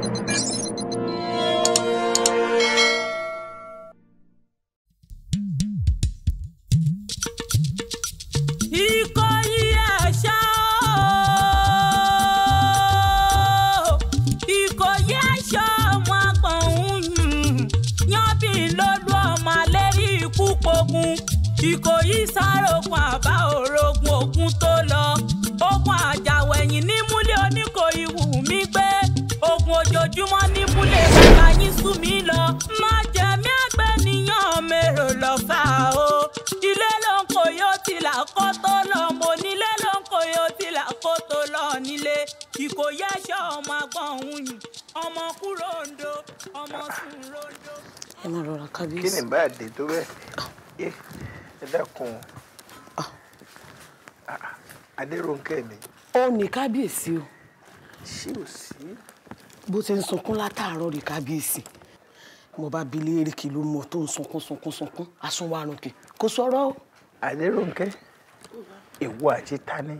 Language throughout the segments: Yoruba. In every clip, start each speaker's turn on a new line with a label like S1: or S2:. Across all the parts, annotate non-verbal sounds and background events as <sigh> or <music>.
S1: Thank you.
S2: ọmọ kú rondo ọmọ sùn rondo.
S3: ẹ máa rọra kábíyèsí. kí ni bá a dé tó bẹ́ẹ̀ ẹ dákun ah. ah, ah, adéròǹkẹ́ ni.
S4: ó ní kábíyèsí o. ṣé ò sí. bó ti ń sunkún látàárọ̀ rí kábíyèsí mo bá bi léèrè ló mọ tó ń sunkún sunkún sunkún asunwarunke kò sọ̀rọ̀ o.
S3: ìwọ àti tani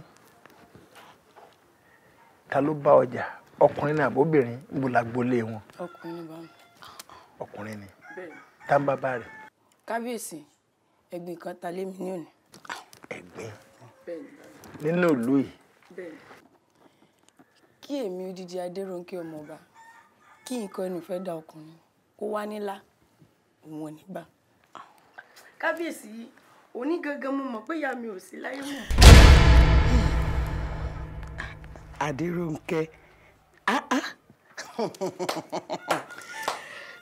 S3: ta ló bá ọjà ọkùnrin ni àbóbìnrin ń bò lágbolé wọn.
S4: ọkùnrin bá mi.
S3: ọkùnrin ni tàǹbà bá rẹ.
S4: kábíyèsí ẹ̀gbìn kan ta lé mi ní òní.
S3: ẹ̀gbìn nínú ìlú yìí.
S4: kí èmi odidi adéròǹkè ọmọọba kí nǹkan ẹnu fẹ́ da ọkùnrin kó wá nílá òun ò ní gbà. kábíyèsí òní mo mọ̀ pé ìyá mi ò sí láyé mọ́. adéròǹkè. Ah ah.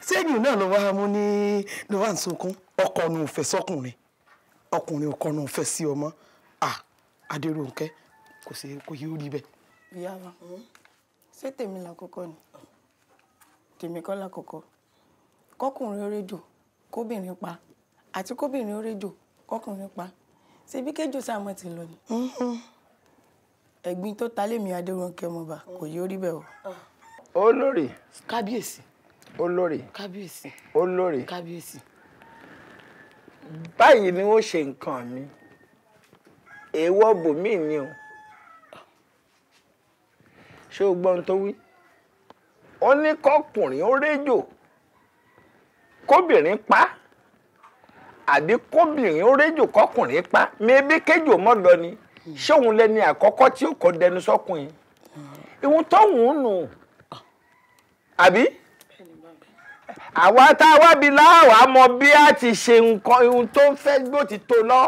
S4: sẹ́yìn <laughs> náà ló wá mú ní ló wá ń sunkún
S3: ọkọ nu ò fẹ́ sọkùnrin ọkùnrin ọkọ nu ò fẹ́ sí ọmọ adéròǹkẹ́
S4: kò sí kò yí ó rí bẹ́ẹ̀. ìyá wa ṣé tèmi lákòókò ni tèmi kọ́ lákòókò kọkùnrin ó rédò kóbìnrin pa àti kóbìnrin ó rédò kọkùnrin pa ṣebí kéjò sáà mọ̀ ti lọ ni. Mm-hmm ẹ̀gbin tó ta lémi adérónkẹ́ mọba kò yóò rí bẹ́ẹ̀ o. olórí. kábíyèsí. olórí. kábíyèsí. olórí. kábíyèsí.
S3: báyìí ni wọ́n ṣe nǹkan mi èèwọ̀ bòmíì ni o ṣé o gbọ́n tó wí ó ní kọkùnrin ó réjò kóbìnrin pa àbí kóbìnrin ó réjò kọkùnrin pa mi ebi kéjò mọ́ lọ ṣé òun lẹni àkọ́kọ́ tí ó kọ́ dẹnu sọ́kùn yìí ìwọ̀n tọ́hún nù àbí àwa tá a wá bi láwàá mọ bí a ti ṣe nǹkan ohun tó ń fẹ́ gbó ti tó lọ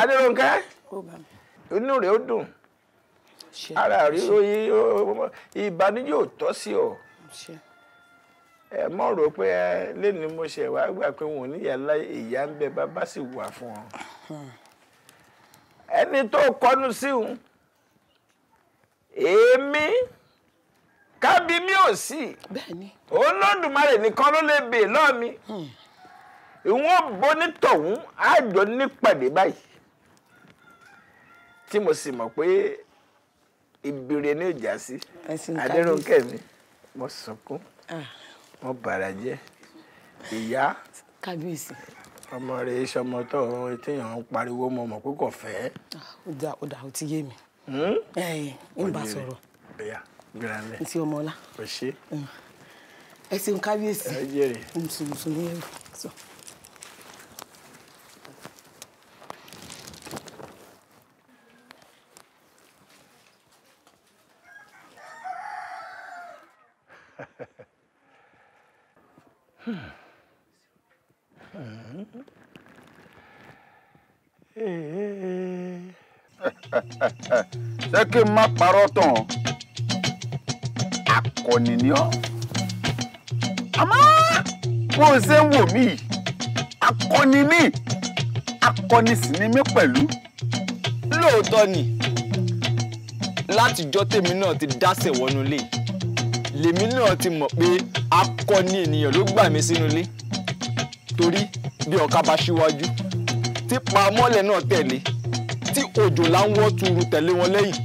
S3: Adérónkẹ́ inú rẹ̀ ó dùn ara ríro ìbànújẹ́ ò tọ́ sí o ẹ mọ̀ rò pé lẹ́nu mo ṣe wá gbà pé wọn ò níyàá ìyá ń bẹ bàbá sì wà fún ọ. ẹni tó kọnu sí òun èmi kábí mi ò sí olódùmarè nìkan ló lè bè mi hmm. ìwọ̀n bonítọ̀hún àjọ nípàdé báyìí tí mo sì mọ̀ pé ìbèrè ní ìjà sí
S5: adẹ́rùnkẹ́ mi
S3: mo sunkún ah. mo bàrà jẹ́ ìyá ọmọ rẹ sọmọ tó tíyàn ń pariwo mọ mọ pé kò fẹ́.
S4: ó dà ó dà ó ti yé mi.
S3: ń hmm? bá sọ̀rọ̀ ti
S4: ọmọ ọlá. ẹ ṣeun kábíyèsí. ẹ jẹ́rìí. mùsùlùmí ẹ̀rù.
S3: ṣé kí n má parọ́ tán akọni ni ọ́ àmọ́ bó o ṣe ń wò mí akọni mi akọni sì ni mí pẹ̀lú. lóòótọ́ ni látijọ́ tèmi náà ti dásẹ̀ wọnú ilé lèmi náà ti mọ̀ pé akọni ènìyàn ló gbà mí sínú ilé torí bí ọ̀ka bá ṣíwájú tí pamọ́lẹ̀ náà tẹ̀lé tí òjòlá ń wọ́ tuuru tẹ̀lé wọn lẹ́yìn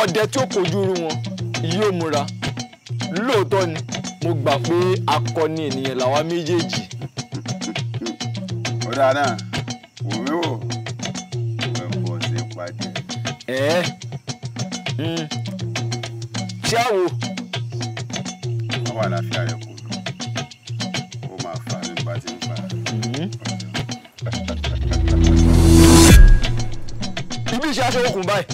S3: ọdẹ tí ó kojú irú wọn yóò múra lóòótọ́ ni mo gbà pé akọni ènìyàn làwa méjèèjì. ó dáa náà wò mí wò bọ̀ sí pàdé. ẹ ẹ hmm. ṣé àwò. wọ́n wà láfíà rẹ̀ kù. bye.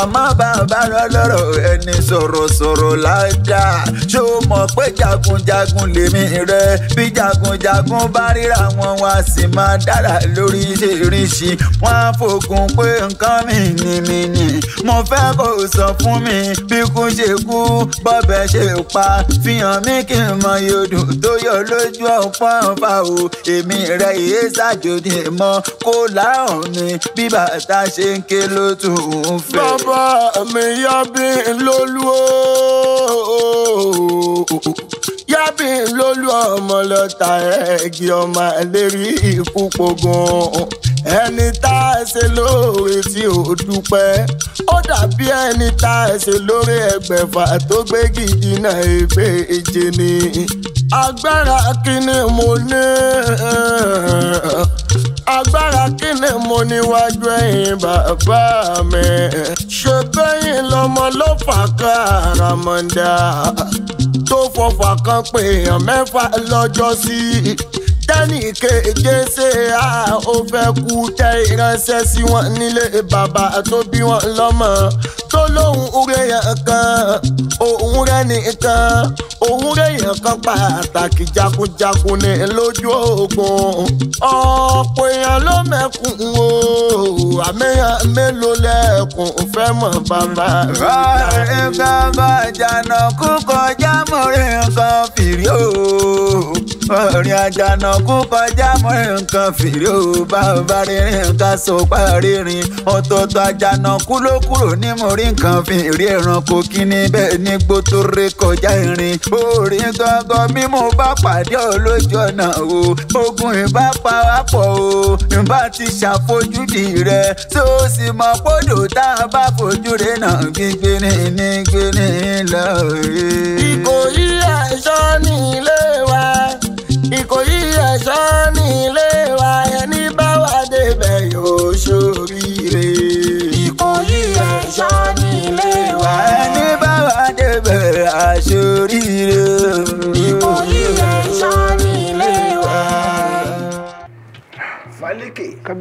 S3: àmọ́ bàbá lọ́lọ́rọ̀ ẹni sọ̀rọ̀sọ̀rọ̀ lájà ṣó mọ̀ pé jagunjagun lèmi rẹ bí jagunjagun bá ríra wọn wá sì máa dára lóríṣiríṣi wọn á fòkun pé nǹkan mi ni mi ni mo fẹ́ kó sọ fún mi bí kú ṣe kú bọ́bẹ̀ ṣe pa fihàn mi kí n mọ yodò tó yọ lójú ọ̀pọ̀ ọ̀fà o èmi rẹ̀ ìyé ṣàjòdì mọ́ kó láhùn ni bí bàtà ṣe ń ké ló tún ń fẹ́. bàbá mi yábí lólu ooo yábí lólu ọmọ lọ́ta ẹ̀gì ọmọ lérí ikú pogun ẹni tá a ṣe lóore tí ò dúpẹ́ ó dàbí ẹni tá a ṣe lóore ẹgbẹ̀fà tó gbé gidi náà ègbè èjè ni agbára kí ni mo ní agbára kí ni mo níwájú ẹ̀yin bàbá mi ṣe bẹ́yìn lọ́mọ ló fà kàràmọ́ndà tó fọfà kan pé èèyàn mẹ́fà lọ́jọ́ sí tẹ́nì kéje ṣe á ó fẹ́ kú tẹ́ ìránṣẹ́ sí wọn nílé bàbá tó bí wọn lọ́mọ tó lóhùn oore kan òun rẹ nìkan òun rẹ yẹn kan pàtàkì jagunjagun ní lójú ogun ọ̀pọ̀ èèyàn ló mẹ́kùn o àmẹ́yàn mélòó lẹ́kùn fẹ́ mọ̀ bàbá rẹ̀. rọrùn kan bá jàǹdà kú kọjá mọ̀rẹ́ nǹkan fìrí o orin àjànà kú kọjá mọ̀rẹ́ nǹkan fìrí o bá bá nǹkan sọ parí rin ọ̀tọ̀ọ̀tọ̀ àjànà kú ló kúrò ní mọ̀rẹ́ nǹkan fi rí ẹranko kíní bẹ́ẹ̀ ní gbó tó ré kọjá irin orí gangan bí mo bá pàdé ọ lójú ọ̀nà o ogun ìbá parapọ̀ o ìbá ti ṣàfojúdi rẹ tó sì mọ gbọ́dọ̀ tá a bá fojú rẹ náà gbígbé ní ní ní lọ́ọ̀rẹ́.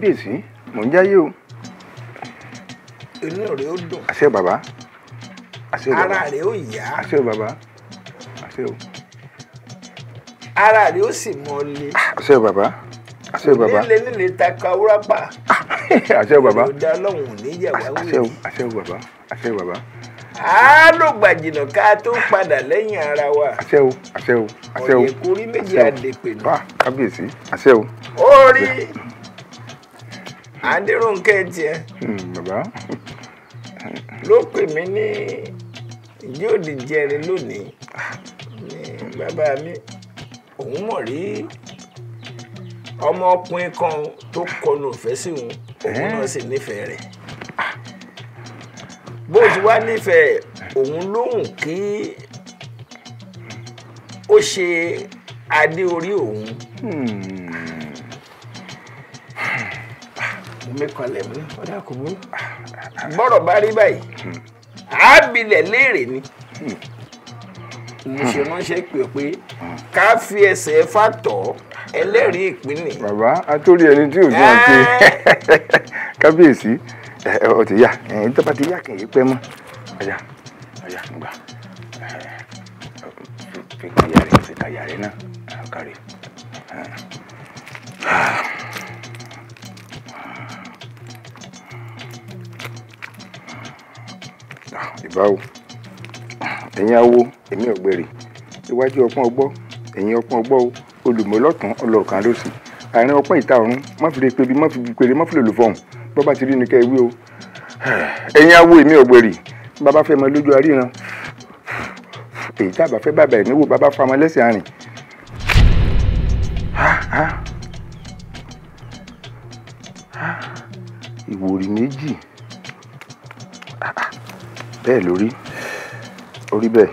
S3: kábíyèsí mò ń jáyé o. inú rẹ ó dùn. àṣẹ bàbá àṣẹ bàbá ara rẹ ó yá. àṣẹ bàbá àṣẹ o. ara rẹ ó sì mọ le. Ah, àṣẹ bàbá àṣẹ bàbá. onílé nílé ta ka wúrápà. <laughs> àṣẹ bàbá ìròdà ọlọ́run ò ní yàwá wúri. àṣẹ bàbá àṣẹ bàbá a ló gbàjìnà ká tó padà lẹ́yìn ara wa. àṣẹ o àṣẹ o àṣẹ o ọ̀rẹ́ kórí méjì àdèpè nù. Ah, kábíyèsí àṣẹ o. ó rí Adéròǹkẹ́ tiẹ̀. Hmm, bàbá. ló pè mí ní ìjẹ́ òdì jẹrin lónìí ní bàbá mi òun mọ̀ rí ọmọkùnrin kan tó kọnu ìfẹ́ sí òun òun náà sì nífẹ̀ẹ́ rẹ̀ bó ti wá nífẹ̀ẹ́ òun lóhùn kí ó ṣe adé orí òun. Hmm mo mẹ́kànlẹ̀ mú ọ̀dà kò burú bọ́rọ̀ bá rí báyìí àábilẹ̀ léèrè ni ìṣe ránṣẹ́ pé pé ká fi ẹsẹ̀ fàtọ̀ ẹlẹ́rìí ìpínlẹ̀. bàbá atórí ẹni tí òjò àti <laughs> kábíyèsí ọ ti yá ẹ̀yìn tó bá ti yá kìí pẹ́ mọ́ ọ̀yà ọ̀yà gbà fi kàyà rẹ̀ fi kàyà rẹ̀ náà kárí. ìbáwo ẹ̀yin awo èmi ọ̀gbẹ̀rì iwájú ọpọ́n ọgbọ́ ẹ̀yin ọpọ́n ọgbọ́ o olùmọ̀lọ́tún ọlọ́ọ̀kan lọ́sìn àárín ọpọ́n ìta ọ̀run má fi lè pebi má fi pèrè má fi lè lò fọ̀hún bọ́ bá ti rí ni ká ewé o
S5: ẹ̀yin awo èmi ọ̀gbẹ̀rì
S3: bàbá fẹ́ mọ lójú aríran èyí tá a bá fẹ́ bàbá ẹ̀ níwò bàbá fa ọmọ lẹ́sẹ̀ àárín bẹ́ẹ̀ lórí orí bẹ́ẹ̀.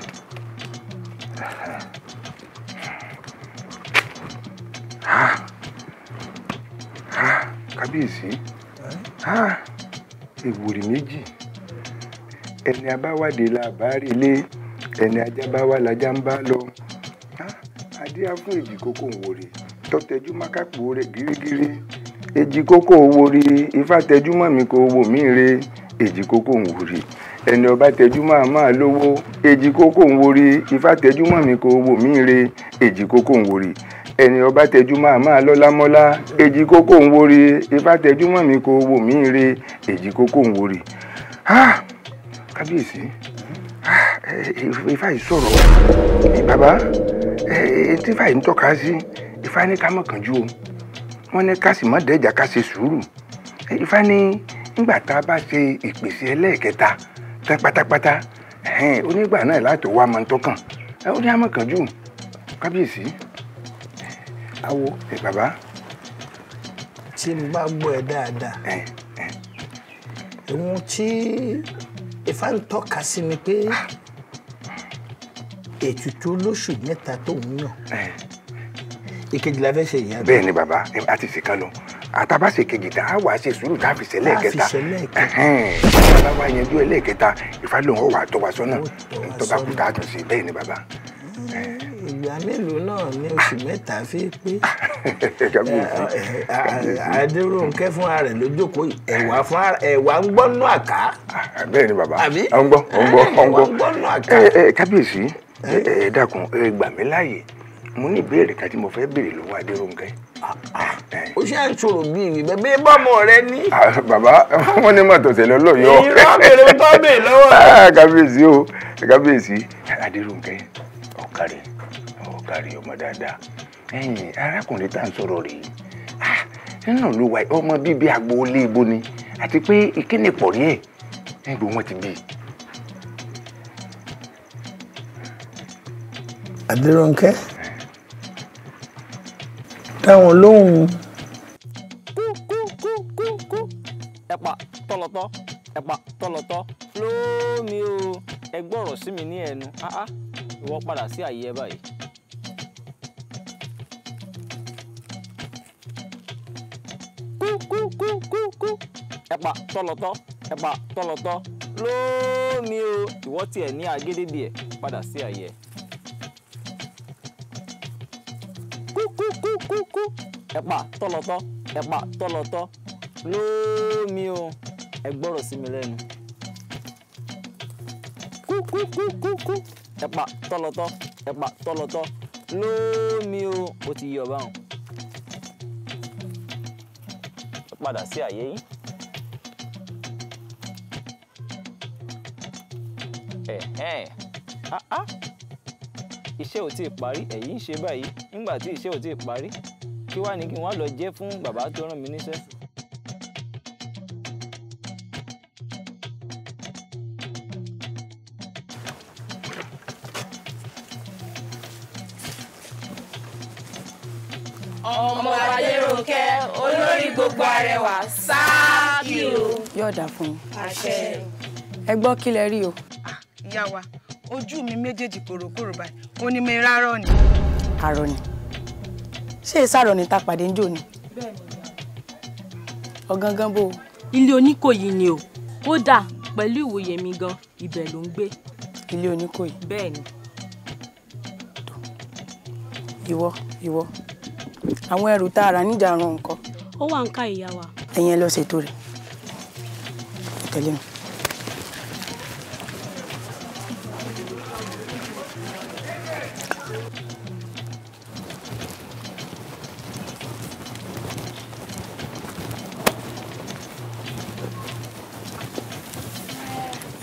S3: kábíyèsí èwùrì méjì ẹni abáwádìí la bá rí ilé ẹni ajábáwá lajá ń bá lọ adé á fún èjì kókó òwòrè tọ́tẹ́jú mákàpò rẹ̀ gírígírí èjì kókó òwòrè ifá tẹjú mọ́ mi kó owó mi re èjì kókó òwòrè ẹni ọba tẹjúmọ́ àmọ́ lówó èjì kókó ń worí ifá tẹjúmọ́ mi kò wò mí re èjì kókó ń worí ẹni ọba tẹjúmọ́ àmọ́ lọ́lámọ́lá èjì kókó ń worí ifá tẹjúmọ́ mi kò wò mí re èjì kókó ń worí. kábíyèsí ifá yìí sọ̀rọ̀ bàbá etí ifá yìí ń tọ́ka sí ifá ní ká má kánjú o wọ́n ní ká sì má dẹ́jà ká ṣe sùúrù ifá ní nígbà tá a bá ṣe ìpèsè ẹlẹ́ẹ̀kẹta tán pátápátá onígbà náà láti wá mọ tó kàn ó ní àmọ̀kànjú kábíyèsí awo ẹ bàbá. tí mo bá gbọ́ ẹ dáadáa ohun tí Ifá ń tọ́ka sí ni pé ah. ètùtù olóṣù mẹ́ta tó ń yàn ìkejì la fẹ́ ṣe ìyá. bẹ́ẹ̀ ni bàbá a ti ṣèkà lọ àtàbàṣe kejì tá a wàá ṣe sùúrù tá a fi ṣẹlẹ̀ kẹta bàbá yanjú ẹlẹ́ẹ̀kẹta ìfàlóhùn ọ̀wà àtọwà sọ́nà tọ́ba kù tá a tún ṣe bẹ́ẹ̀ ni bàbá. ìgbà mélòó náà ní oṣù mẹ́ta fi pé <laughs> adéròǹkẹ́ fún ara rẹ̀ lójókòó ẹ̀wà fún ara ẹ̀wà ń gbọ́ nù àká. Ah, bẹ́ẹ̀ ni bàbá ọ̀ ń gbọ́ kábíyèsí ẹ dákun ẹ mo ní ìbéèrè kan tí mo fẹ́ béèrè lọ́wọ́ adéròǹkẹ́ o ṣe ń sọ̀rọ̀ bíi mi bẹ́ẹ̀ bẹ́ẹ̀ bọ́mọ rẹ ní. Ah, bàbá wọn ní màtò tẹ̀lé ọlọ́yọ̀. ìrọ̀ bèrè tó bèrè lọ́wọ́ rẹ. <laughs> Ah, kábíyèsí o kábíyèsí adéròǹkẹ́ ọ̀kàrẹ̀ ọ̀kàrẹ̀ ọmọ dáadáa ẹ̀yìn arákùnrin tá à ń sọ̀rọ̀ rèé ah, nínú ló wà ọmọ bíbí agboolé ibo ni àti pé ìkíni pọ̀ ní ẹ̀ nígbà wọn ti bí i. adéròǹkẹ́ dá wọn lóhùn. kúkúkúkú ẹ̀pà tọ̀lọ̀tọ̀ ẹ̀pà tọ̀lọ̀tọ̀ lómi o ẹ gbọ́rọ̀ sí mi ní ẹnu áá ah, ah. ìwọ padà sí àyè ẹ báyìí. kúkúkúkú ẹ̀pà tọ̀lọ̀tọ̀ ẹ̀pà tọ̀lọ̀tọ̀ lómi o ìwọ tiẹ̀ ní agédédé ẹ̀ padà sí àyè ẹ. kúkúkú ẹ̀pà tọ̀lọ̀tọ̀ ẹ̀pà tọ̀lọ̀tọ̀ lómi o ẹ gbọ́rọ̀ sí mi lẹ́nu kúkúkúkú ẹ̀pà tọ̀lọ̀tọ̀ ẹ̀pà tọ̀lọ̀tọ̀ lómi o ó ti yọ báwọn padà sí àyè yín. ẹ̀hẹ́n ah ah iṣẹ́ ò tí ì parí ẹ̀yin ṣe báyìí nígbà tí iṣẹ́ ò tí ì parí kí wàá ní kí wọ́n lọ jẹ́ fún bàbá tó rán mi níṣẹ́.
S4: ọmọ adéròkè olórí gbogbo arẹwà sáàkì o. yọ̀ọ̀dà fún un. àṣẹ. ẹ gbọ́ kí lẹ rí o. Ah, ìyá wa ojú mi méjèèjì kòròkòrò báyìí ó ní mi rárọ̀ ni. àrò ni ṣé èsì àrò ni ta pade ń jò ni. ọ̀gangan bò. ilé oníkòyí ni o kódà pẹ̀lú ìwòye mi gan ibe lo n'gbe. Ile oniko oníkòyí. bẹ́ẹ̀ ni. ìwọ ìwọ àwọn ẹrù tá a rà níjà ran nǹkan. ó wà ń wa. ẹ̀yin ẹ lọ ṣètò rẹ̀ tẹ̀lé mi.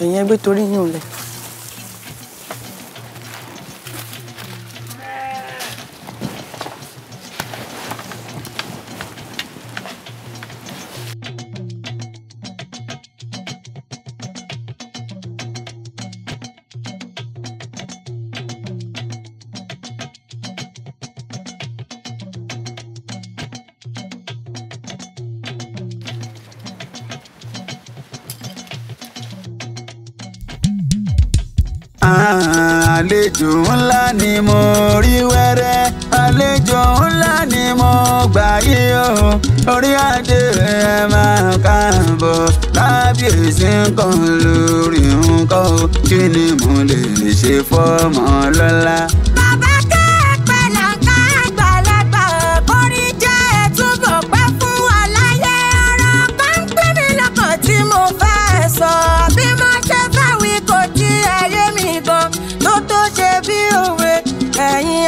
S4: यहाँ भी थोड़ी नहीं होंगे
S3: àlejò ńlá ni mo rí wẹ́rẹ́ àlejò ńlá
S6: ni mo gbà yí o orí adé ẹ máa káàbọ̀ lábíyèsí nǹkan lórí nǹkan kí ni mo lè
S3: ṣe fọ́mọ lọ́la.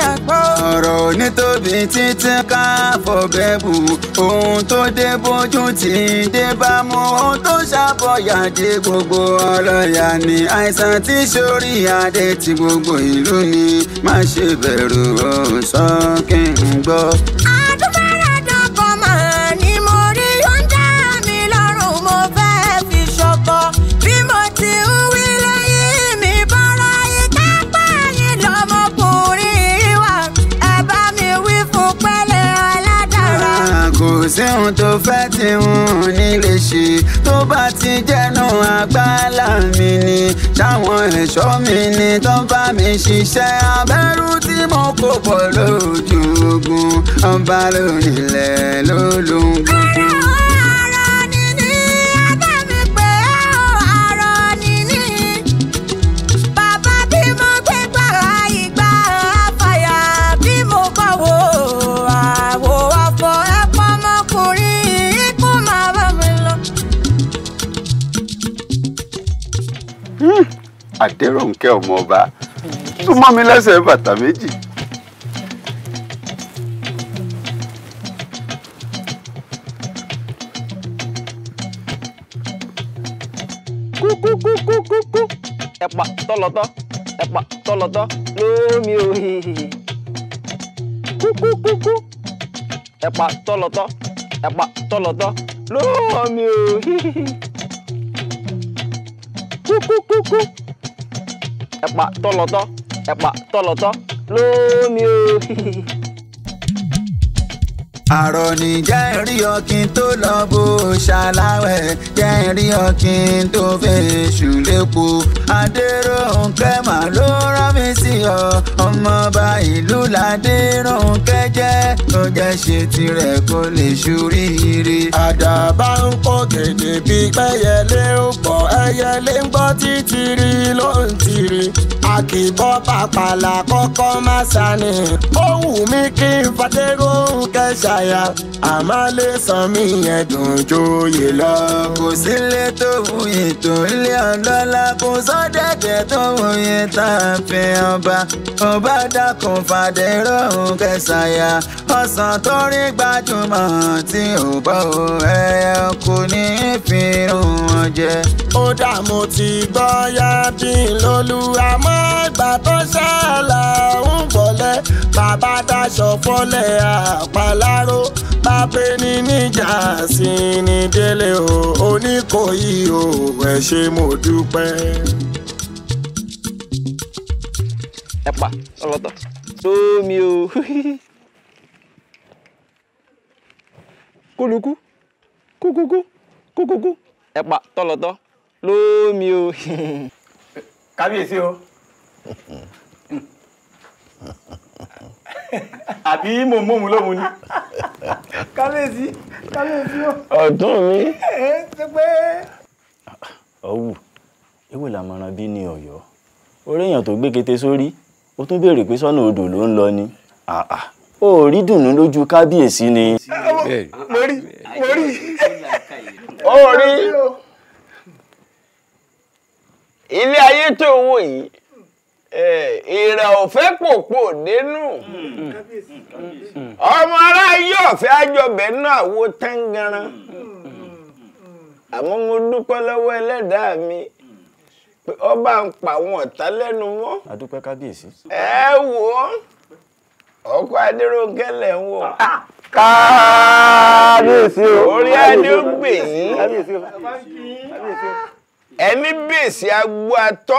S3: àpò. ọ̀rọ̀ onítòbí títí ká fọ̀bẹ́bù ohun tó dé bójú ti dé bá mú ohun tó ṣàbọ̀yàdé gbogbo ọ̀rọ̀ yà ni àìsàn tí sórí adé ti gbogbo ìlú ni má ṣe bẹ̀rù ọ̀sán kí n gbọ́. ló fẹ́ tí n ní lè ṣe tó bá ti jẹ́nu àgbàlá mi ni táwọn ẹ̀ṣọ́ mi ni tó bá mi ṣiṣẹ́ abẹ́rú tí mo kó bọ̀ lójú ogun ọba lórílẹ̀ lólùgbò. àdéròǹkẹ́ ọmọọba tó mọ́ mi lẹ́sẹ̀ bàtà méjì. kúkúkúkúkú ẹ̀pà tọ́lọ́tọ́ ẹ̀pà tọ́lọ́tọ́ lómi o kúkúkúkú ẹ̀pà tọ́lọ́tọ́ ẹ̀pà tọ́lọ́tọ́ lómi o kúkúkúkú ẹ̀pà tọ́lọ́tọ́ ẹ̀pà tọ́lọ́tọ́ lómi o àròní jẹ́ rí ọkìn tó lọ bó ṣàláwẹ̀ jẹ́ rí ọkìn tó fẹ́ ṣùlẹ́po adéròǹkẹ́ mà ló rán mi sí ọ ọmọọba ìlú ládéròǹkẹ́ jẹ́ kó jẹ́ ṣe tirẹ̀ kó lè ṣoríire. àdàbà ń kó
S5: gèdè bí
S3: pẹ́yẹlé ń bọ̀ ẹyẹlé ń gbọ́ títìrì ló ń tìrì àkìbọ́ pàpàlà kọ́kọ́ má sani ó wù mí kí n fàdéròǹkẹ́ ṣàyẹ̀ aya àmàlé sanmi yẹn dùn joyè lọ. kò sílé tó wuyì tó lé ọ̀dọ́là kò sọ́dẹ̀dẹ̀ tó wuyì tá a fi ọba ọba dákun fàdérò kẹsàyà ọ̀sán tó rí gbajúmọ̀ tí ò bá o ẹ̀yà kò ní í fi irun wọn jẹ. ó dà mo ti gbọ́ yá bí lolú àmọ́ gbà sàlà ń bọ̀lẹ́ bàbá daṣọ fọ́lẹ̀ àpàláró bàbá ní níjà sí ní délé o Oníkòyí o ẹ ṣé mo dúpẹ́. ẹ pa ọlọtọ
S5: sómi o
S3: kólukú kúkúkú kúkúkú ẹ pa tọlọtọ lómi o. kábíyèsí o. àbí mo mú ni. kábíyèsí kábíyèsí o. ọ̀dún mi. ẹ pé. ewé bí ní ọ̀yọ́ orí èèyàn tó gbé sórí ó tún béèrè pé sọ́nà odò ló ń lọ ni ó rí dùnú lójú kábíyèsí ni. mo rí mo rí. ó rí ilé ayé ìrẹ̀ òfẹ́ pòpò dénú ọmọ aráyé ọ̀fẹ́ àjọbẹ̀ náà wo tẹ́ngànran àmọ́ mo dúpẹ́ lọ́wọ́ ẹlẹ́dàá mi ọba ń pa àwọn ọ̀tá lẹ́nu mọ́. àdúpẹ́ kábíyèsí. ẹ wò ọkọ adéròǹkẹ́ ń wò. kábíyèsí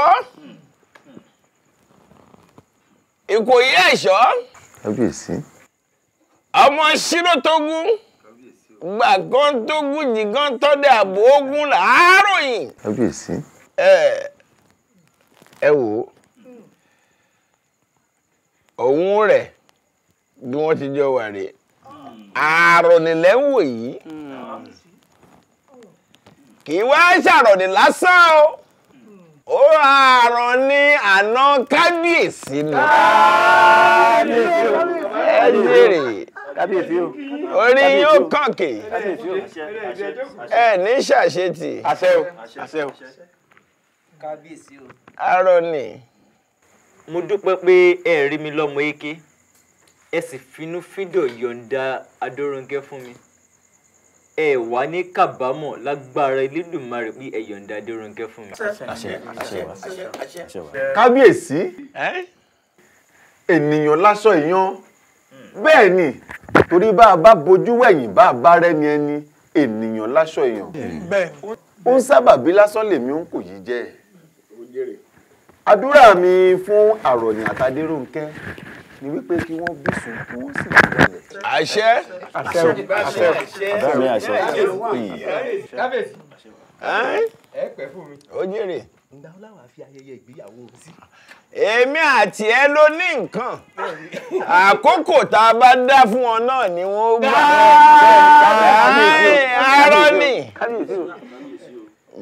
S3: o. Ìkòyí ẹ̀ṣọ́. Kábíyèsí. Ọmọ ṣírò tógún. Gbàgán tógún jìgán tọ́dẹ̀ àbò ogun làáròyìn. Kábíyèsí. Ẹ ẹ wò ó. Òun rẹ̀ bí wọ́n ti jọ wà rèé àrònìlẹ̀ ń wò yìí kì í wá ṣàrònì o ó àràn ní àná kábíyèsí ni. kábíyèsí o ẹ jèrè kábíyèsí o orí yóò kànkè
S5: ẹ ní ṣàṣetì. àṣẹ o àṣẹ o.
S3: kábíyèsí o. àràn ni. mo dúpẹ́ pé ẹ rí mi lọ́mọ eke ẹ sì finúfíndọ̀ yọ̀ǹda Adóròǹkẹ́ fún mi ẹ wà ní kábàámọ̀ lágbára Elédùmarè pé ẹ yọ̀ǹda Adérónkẹ́ fún mi. kábíyèsí ènìyàn lásọ ìyan hmm. bẹ́ẹ̀ ni torí bá a bá bojú wẹ̀yìn bá a bá rẹ́ni ẹni ènìyàn lásọ ìyan hmm. ó ń sábàbí lásán lèmi ń kò yí jẹ́ hmm. àdúrà mi fún àròyìn àtàdérónkẹ́ ni wípé kí wọ́n bí sùn kí wọ́n sì bí bẹ̀rẹ̀. àṣẹ àṣẹ àṣẹ àṣẹ àṣẹ kábíyèsí ẹ pẹ́ fún mi. ó jèrè. ǹgbà ó láwọn àfi ayẹyẹ ìgbéyàwó sí. èmi àti ẹ ló ní nǹkan àkókò tá a bá dá fún ọ náà ni wọ́n gbà. arọ ni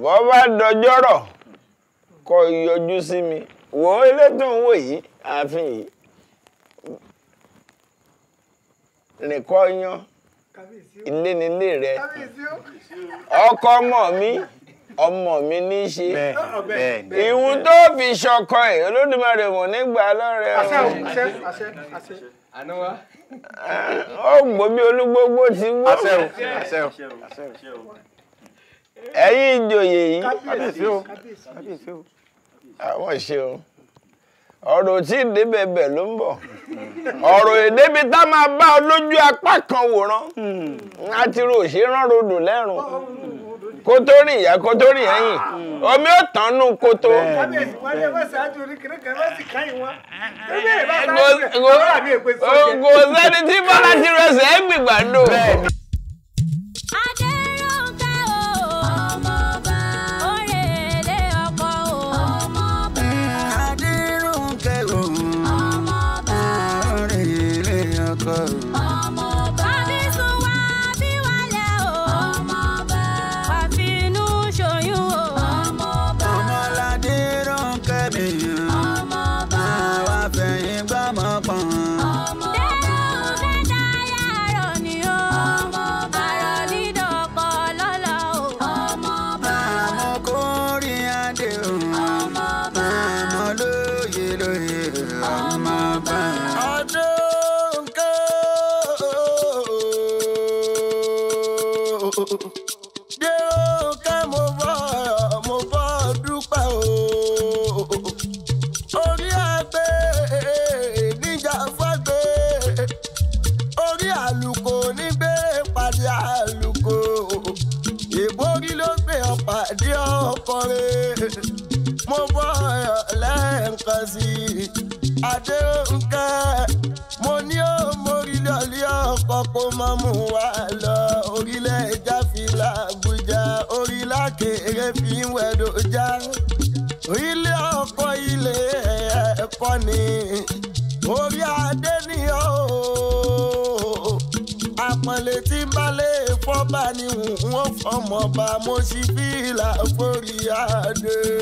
S3: bọ́ bá dọjọ́rọ̀ kọ ìyọjú sí mi wò ó elétò ń wò yìí ààfin yìí nìkọ́ yan ilé nílé rẹ ọkọ mọ̀ mí ọmọ mi ní í ṣe ìhun tó fi ṣọkọ ẹ olódùmarè mọ̀ nígbà lọ́rẹ̀ ọ ó gbó bí olúgbógbó ti wó ẹ̀yin ìjòyè yìí àwọn ìṣe o. ọ̀rọ̀ tí ìdébẹ̀bẹ̀ ló ń bọ ọ̀rọ̀ èdèbi tá máa bá ọ lójú apá kan wòran láti hmm. rò ṣe ránrodò lẹ́rùn kó tó rìn ìyá kó tó rìn ẹ̀yìn hmm. omi ò tán nù kó tó. kò
S5: sẹ́ni tí bọ́lá ti rẹsẹ̀ ẹ́ gbìgbà dò.
S1: suffer.
S3: ọmọ bá mo sì fi ìlà forí adé.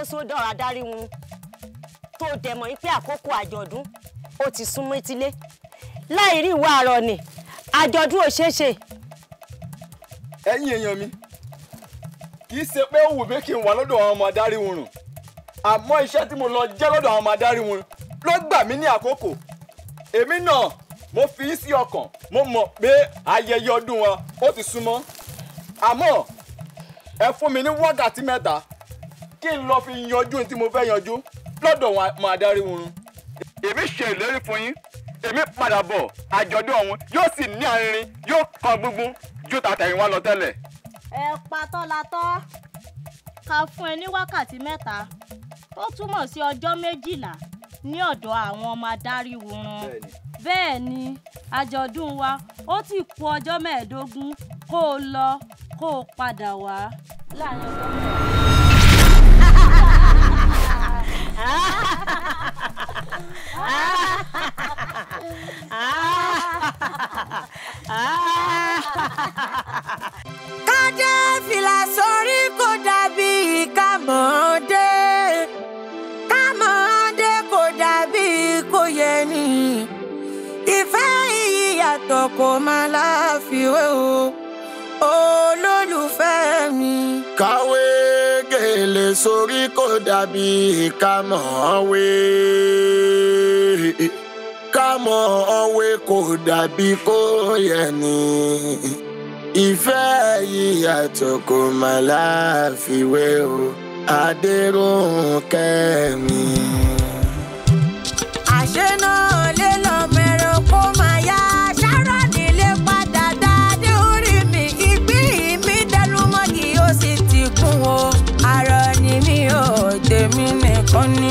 S4: dúró sódọ̀ adarí wọn tó dẹ̀ mọ́ pé àkókò àjọ̀dún ó ti súnmọ́ etílé láì rí ìwà àrọ̀ ni àjọ̀dún ò ṣeé ṣe. ẹ̀yin èèyàn mi
S3: kì í ṣe pé ó wù mí kí n wà lọ́dọ̀ àwọn ọmọ adarí wọn rùn àmọ́ iṣẹ́ tí mo lọ jẹ́ lọ́dọ̀ àwọn ọmọ adarí wọn ló gbà mí ní àkókò èmi náà mo fi í sí ọkàn mo mọ̀ pé ayẹyẹ ọdún wa ó ti súnmọ́ àmọ́ ẹ fún mi ní wákàtí mẹ́ta kí n lọ fi yanjú tí mo fẹ́ yanjú lọ́dọ̀ wọn máa darí wọn. èmi ṣe ìlérí fún yín èmi padà bọ̀ àjọ̀dún ọ̀hún yóò sì ní àárín yóò kan gbúngbún ju tàtẹ̀yìn wa lọ tẹ́lẹ̀.
S6: ẹ patọ́ la tọ́ ká fún ẹ ní wákàtí mẹ́ta tó túmọ̀ sí ọjọ́ méjìlá ní ọ̀dọ̀ àwọn ọmọ adarí wurun bẹ́ẹ̀ ni
S2: àjọ̀dún wa ó ti kù ọjọ́ mẹ́ẹ̀ẹ́dógún kó o lọ kó o padà wá láàrin ọjọ́ mẹ́ẹ̀ẹ́dógún
S6: kádé fìlà sórí kò dàbí kàmọ́dé kàmọ́dé kò dàbí kò yẹ ni ìfẹ́ ìyàtọ̀ kò máa láfiwé o olólùfẹ́ mi. kàwé èlé sórí kò dàbí ìkámọ̀ọ́wé
S3: kámọ̀ọ́wé kò dàbí kó yẹ ni ìfẹ́ yíyàtọ̀ kò mà láfiwé o Adéròǹkẹ́ mi.
S6: àṣẹ náà lè lọ mẹ́rọ kó má. funny.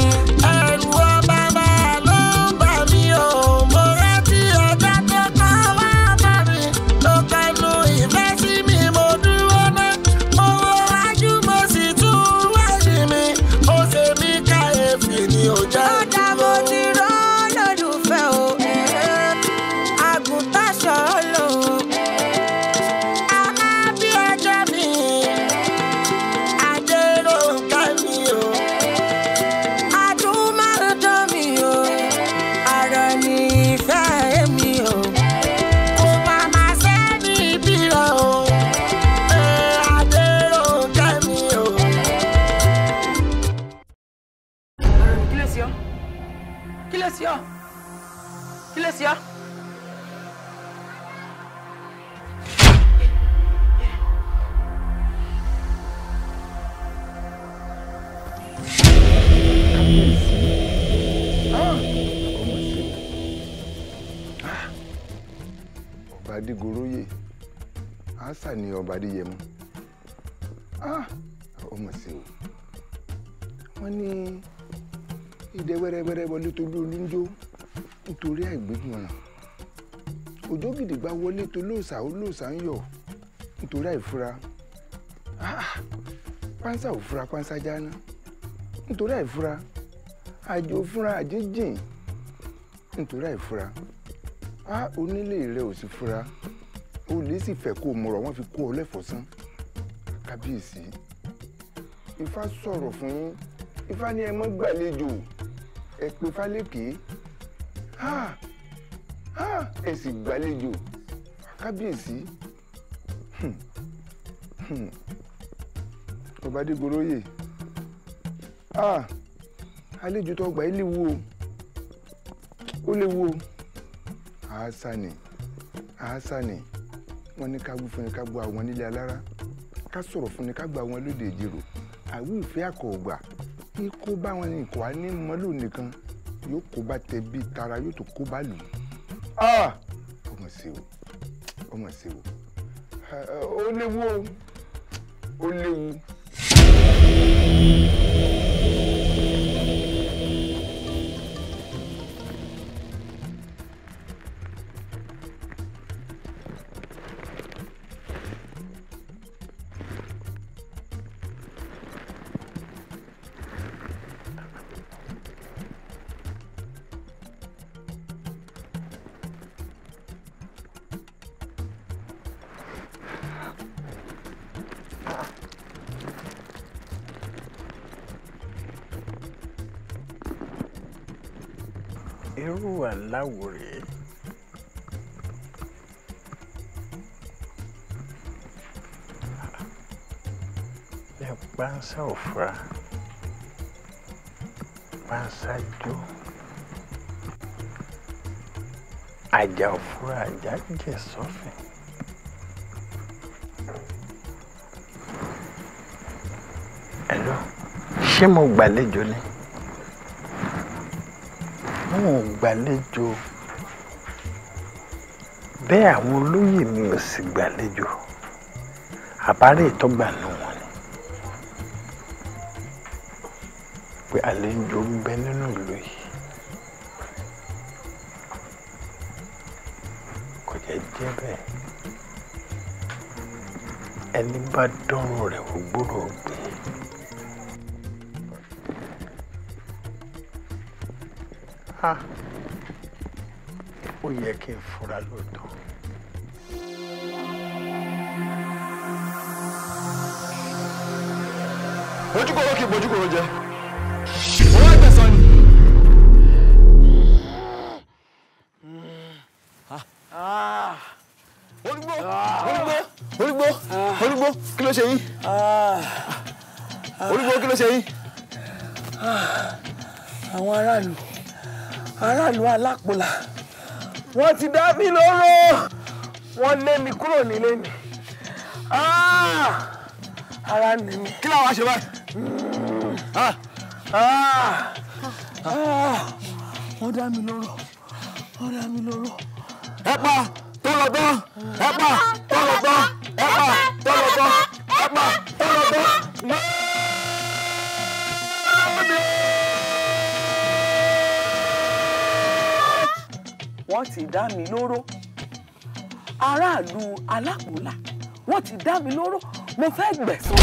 S3: òòsà olóòsà ń yọ̀ nítorí àìfura ah, pánsá ò fura pánsá jáná nítorí àìfura àjò fúnra àjèjìn nítorí àìfura á onílé rẹ ò sì fura ó le sì fẹ́ kó o mọ̀rọ̀ wọ́n fi kó ọ lẹ́fọ̀ọ́sán kábíyèsí ifá sọ̀rọ̀ fún yín ifá ní ẹ mọ́ gbàlejò ẹ ah, ah, ẹ sì gbàlejò kábíyèsí ọba hmm. hmm. adégoróyè ah, àlejò tó gbà yìí léwu o ó léwu o àásà ni àásà ni wọ́n ní ká gbú fún ni ká gbú àwọn nílé alára ká sọ̀rọ̀ fún ni ká gbà wọn lóde ìjírò àwọn ìfẹ́ àkọ́ọ̀gbà ikú bá wọn ní kò á ní mọ́lò nìkan yóò kó bá tẹ bí tara yóò tó kó bá lù ú. ọmọ ah! sí o ọmọ ẹ̀sìn wò ó léwu ó léwu. aláwo rèé.
S6: ẹ pánsá òfura
S3: pánsá jó àjà òfura àjà jẹ sọfìn. ẹ lọ ṣé mo gbàlejò ni àwọn ò gbàlejò bẹ́ẹ̀ àwọn olóyè mi ò sì gbàlejò àbárẹ̀ ìtọ́gbà nù wọn ni pé àlejò ń bẹ nínú ìlú yìí kò jẹ́ jẹ́ bẹ́ẹ̀ ẹni bá dọ́rọ̀ rẹ̀ ò gbọ́dọ̀ gbé. ó yẹ kí n fura lóòótọ́. bójúkòrò kì í bójúkòrò jẹ owó àgbẹ̀sán ni.
S5: olùgbò olùgbò olùgbò kí ló ṣe yín.
S3: aráàlú alápòlà wọ́n ti dá mi lóró
S4: wọ́n lé mi kúrò nílé mi ah! ara nì mí. kí làwọn aṣọ báyìí. Hmm. Ah! Ah! wọ́n dá mi lóró wọ́n dá mi lóró. ẹ pa
S5: tó lọ tán ẹ pa.
S4: ti dá mi lóró aráàlú alápòlá wọ́n ti dá mi lóró mo fẹ́ gbẹ̀san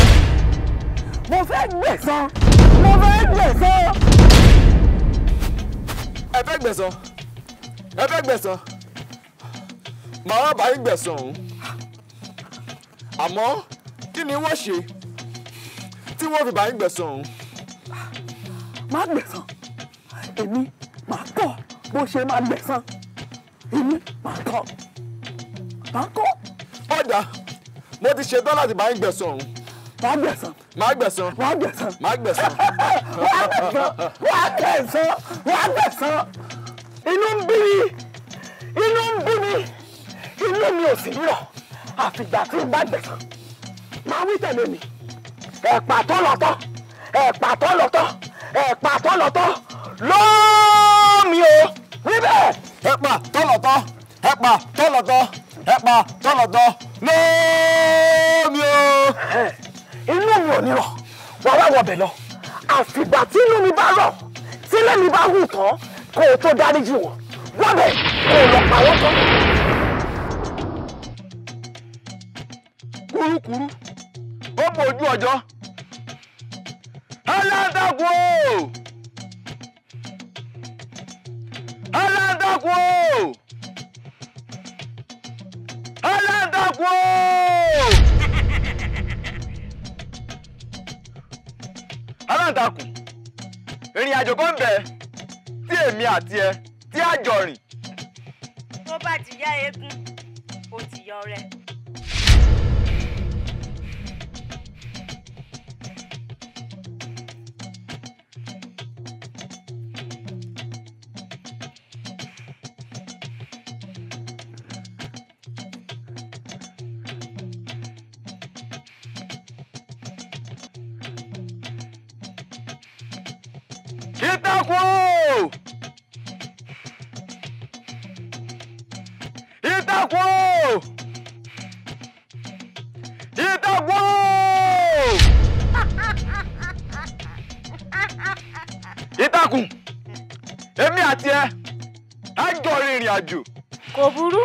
S4: mo fẹ́ gbẹ̀san mo fẹ́ gbẹ̀san.
S3: ẹ fẹ́ gbẹ̀san ẹ fẹ́ gbẹ̀san màá wá báyìí gbẹ̀san òun àmọ́ kí ni wọ́n ṣe tí wọ́n fi báyìí gbẹ̀san òun.
S4: má gbẹ̀san èmi màá kọ́ bó ṣe máa gbẹ̀san èmi máa kọ́
S3: máa kọ́. ọ̀dà mo ti ṣetán láti bá yín gbẹ̀sán òun. máa gbẹ̀sán. máa gbẹ̀sán. máa gbẹ̀sán. máa gbẹ̀sán. wàá
S6: gbẹ̀sán wàá gbẹ̀sán inú ń bí mi inú ń bí mi inú mi ò sì rọ̀ àfìgbà tí n bá gbẹ̀sán máa wí tẹ̀lé mi ẹ̀pà tó lọ́tọ́ ẹ̀pà tó lọ́tọ́ ẹ̀pà tó lọ́tọ́ lómi o níbẹ̀ ẹ̀pà tọ̀lọ̀tọ̀ ẹ̀pà tọ̀lọ̀tọ̀ ẹ̀pà tọ̀lọ̀tọ̀ lómi o. Eh, inú mi ò ní rọ wà wá wọbẹ̀ lọ àfìgbà tí inú mi bá rọ
S3: tí lẹ́mi bá hù tán kó o tó dáríjì wọ̀
S5: wọbẹ̀ kó lọ pa wọ́n tán.
S3: kúrúkúrú ó bójú ọjọ́ aláǹdàgbò.
S5: aláǹtakùn o aláǹtakùn
S3: o aláǹtakùn ìrìn àjò kan bẹ tí èmi àti ẹ tí a jọ rìn.
S6: tó bá ti yá eégún ó ti yọ ọrẹ.
S3: ìtàkùn èmi àti ẹ á jọ rìnrìn àjò. kò burú.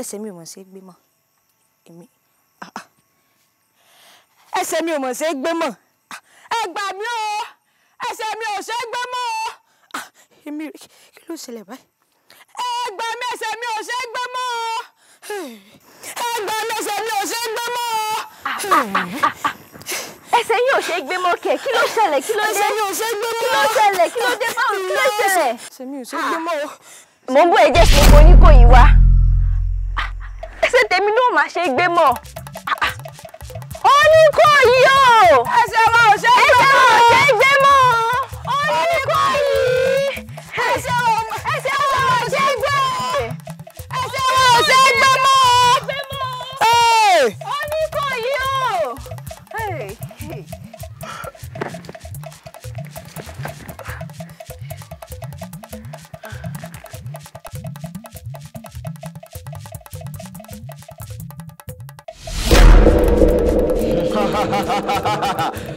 S4: ẹsẹ̀ mi ò mọ̀ ṣe é gbé mọ́ èmi ah, ah. ẹsẹ̀ mi ò mọ̀ ṣe é gbé mọ́ ah, ẹ gbà mí o
S6: ẹsẹ̀ mi ò ṣe é gbé mọ́ o èmi kí ló ṣẹlẹ̀ báyìí ẹ gbà
S1: mí ẹsẹ̀ mi ò ṣe é gbé mọ́ o ẹ gbà mí ẹsẹ̀ mi ò ṣe é gbé mọ́ o ẹsẹ̀ yìí ò ṣe gbé mọ́ kẹ̀ kí ló ṣẹlẹ̀ kí ló dé ẹsẹ̀ yìí ò ṣe gbé mọ́ kí ló ṣẹlẹ̀ kí ló dé báwo kí ló ṣẹlẹ̀ ẹsẹ̀ mi ò ṣe gbé mọ́ o. mò ń bú ẹ̀jẹ̀ ṣe mo ní kò yí wá tèmi náà má ṣe gbé mọ́ ó ní kò yí o ẹsẹ̀ wa ò ṣe é gbé mọ́ ẹsẹ̀ wa ò ṣe é gbé mọ́ ó ní kò.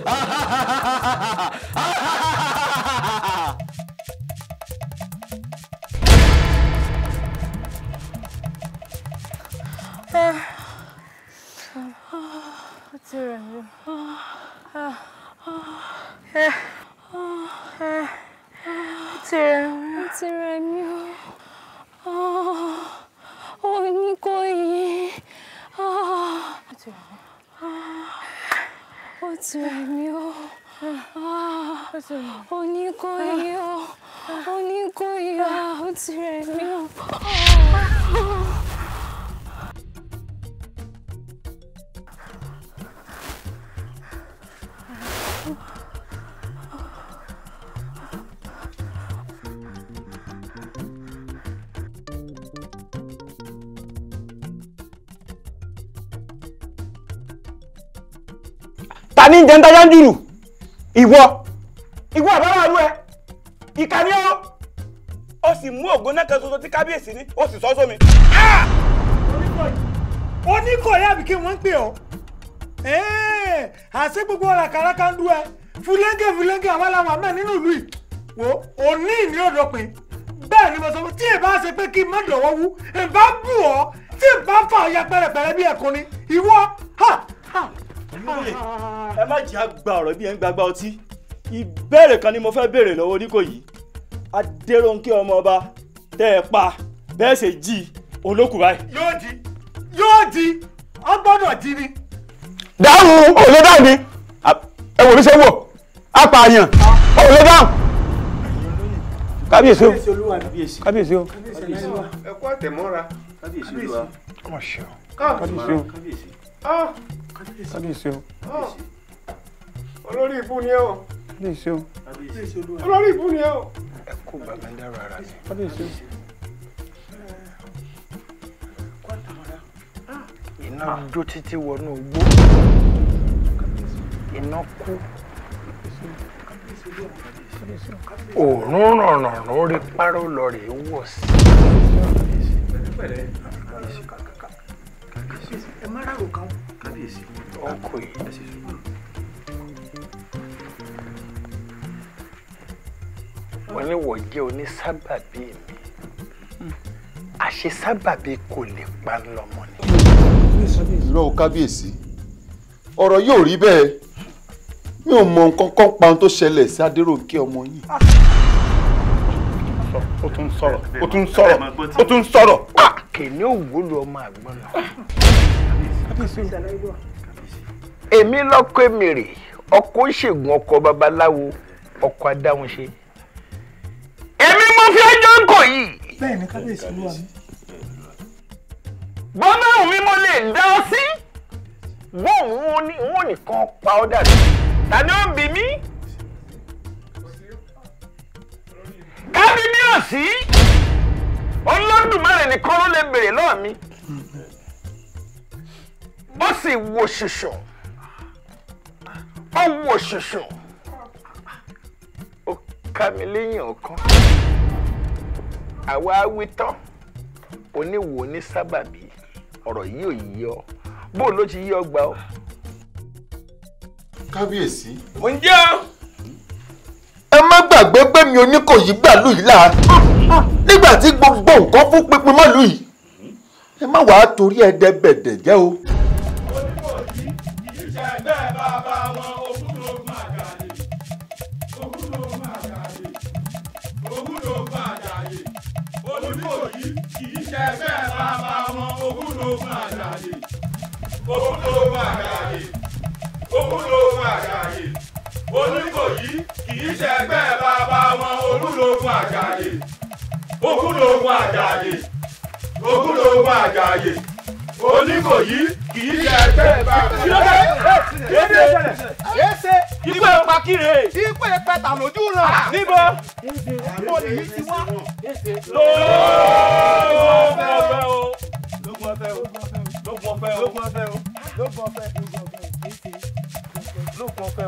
S5: あ <laughs> は
S3: ta ni jẹ́ ń tajá ń jùlù ìwọ ìwọ àbáwáwú ẹ ìka ni ó ó sì mú ògùn náà kan ṣoṣo tí kábíyèsí ní ó sì sọ sómi. Ah! oníkọ̀ọ́yà bí kí wọ́n ń pè ọ́ àṣé gbogbo ọ̀rà kàràkà ń dú ẹ fúlẹ́ńgẹ̀ fúlẹ́ńgẹ̀ àwa làwọn àmọ́ nínú ìlú yìí wò òní ìní òdòpin bẹ́ẹ̀ ni mo sọ fún tí ì bá ṣe pé kí n má dọ̀wọ́ wú ì bá bù ọ́ tí ì bá fà ya pẹ́rẹpẹ́rẹ bí ẹ̀kún ni ìwọ ha ha. ẹ má jẹ́ àgbà ọ̀rọ̀ bí ẹ ń gbàgbà ọtí ìbéèrè kan ni mo fẹ́ béèrè lọ́wọ́ Oníkòyí Adérónkẹ́ ọmọ ọba tẹ́ ẹ pa bẹ́ẹ̀ ṣe jí olókùn báyìí. yóò di yóò di ọgbọ́dọ̀ di ni dáhùn òlé dáhùn ni ẹwọ mi ṣe wò apààyàn òlé dáhùn kábíyèsí o kábíyèsí o ẹkọ àtẹmọra kábíyèsí o kábíyèsí o kábíyèsí o olórí ibú ni ẹ o kábíyèsí o olórí ibú ni ẹ ẹ kó bàbá dára rà ní kábíyèsí o. iná jó hmm. títí wọnú igbó iná kú òórùn rànràn lórí páró lọrẹ wọ sí. ẹ má rárò kan ọkọ yìí. wọ́n ní wọ́n jẹ́ onísábàbí mi hmm. àṣesábàbí kò lè pa ń lọ́mọ ni irọ́ o kábíyèsí ọ̀rọ̀ yóò rí bẹ́ẹ̀ mi ò mọ nǹkan kan pa ohun tó ṣẹlẹ̀ sí adéròǹkè ọmọ yìí. Ah! ó tún sọ̀rọ̀ ó tún sọ̀rọ̀ ó tún sọ̀rọ̀. Ah! Ah! kìnìún òwúlò èmi lọ́kọ èmèrè ìṣègùn ọkọ babaláwo ọkọ adáhunṣe
S5: èmi mo fi ọjọ́ ń kọ yìí. bẹ́ẹ̀ kábíyèsí ló wà mí
S3: gbọ́nà mi mo lè dá ọ sí wọ́n ò nìkan pa ọ́ dàbí tàbí ó bì mí kábíyèsí Olódùmarè nìkan ló lè béèrè lọ́ọ̀ mi ó sì wo ṣoṣo ó wo ṣoṣo ó ká mi lẹ́yìn ọ̀kan àwa wí oníwo ní sábàbí ọ̀rọ̀ yìí ò yí ọ bóun ló ti yí ọ gbà ọ. kábíyèsí. mo ń jẹ́ ọ. ẹ má gbàgbé pé mi oníkòyí gbàlú yìí là nígbà tí gbogbo nǹkan fún pinpin mọ́lù yìí ẹ má wàá torí ẹ̀ẹ́dẹ́gbẹ̀dẹ̀ jẹ́ o. oníkòyí ìṣẹ̀gbẹ́ bàbá wọn ogúnlógún wọn ogúnlógún máa ṣàyè ogún ló máa ṣàyè ogún ló máa ṣàyè oníkòyí kì í ṣe ẹgbẹ́ bàbá wọn olúlogun àjàyè ogúnlogun àjàyè ogúnlogun àjàyè oníkòyí kì í ṣe ẹgbẹ́ bàbá wọn. yéèṣe yéèṣe ikú ẹ̀ pa kíre. ikú ẹ̀ pẹ̀tà lójú rẹ̀. Ah, níbo níbo nìyí ti wá.
S5: lóòó
S3: ọ̀fẹ́ o ọfẹ
S6: o lókun ọfẹ o lókun ọfẹ o lókun ọfẹ o lókun ọfẹ o.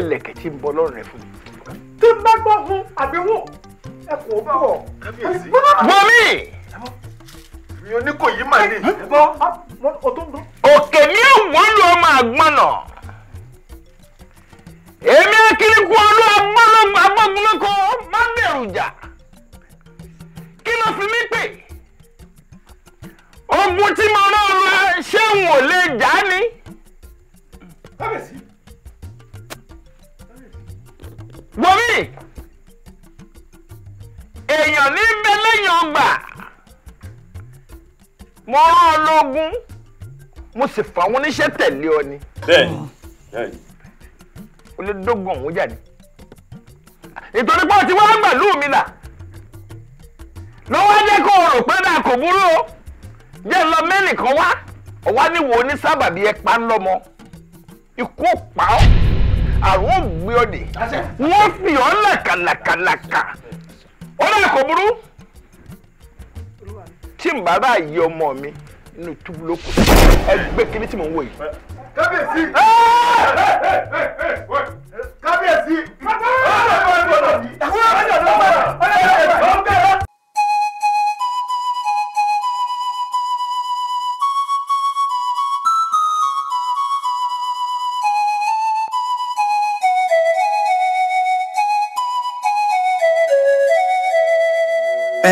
S3: ẹ̀lẹ̀kẹ̀ tí ń bọ lọ́rùn rẹ fún mi. tí n bá gbọ́ fún àdéhùn ẹ kò bọ̀. wọ́n mi. ò ní kò yí màá nìkan wá ọwá ní wo ní sábàbí ẹ pa ń lọ́mọ ikú pa ọ́ àrùn ògbé ọdẹ wọ́n fi ọ́ làkàlàkàlàkà ọlọ́run kò burú tí n bàbá yí ọmọ mi inú túbú ló kù ẹgbẹ́ kíní tí mò ń wò yìí. kábíyèsí kábíyèsí.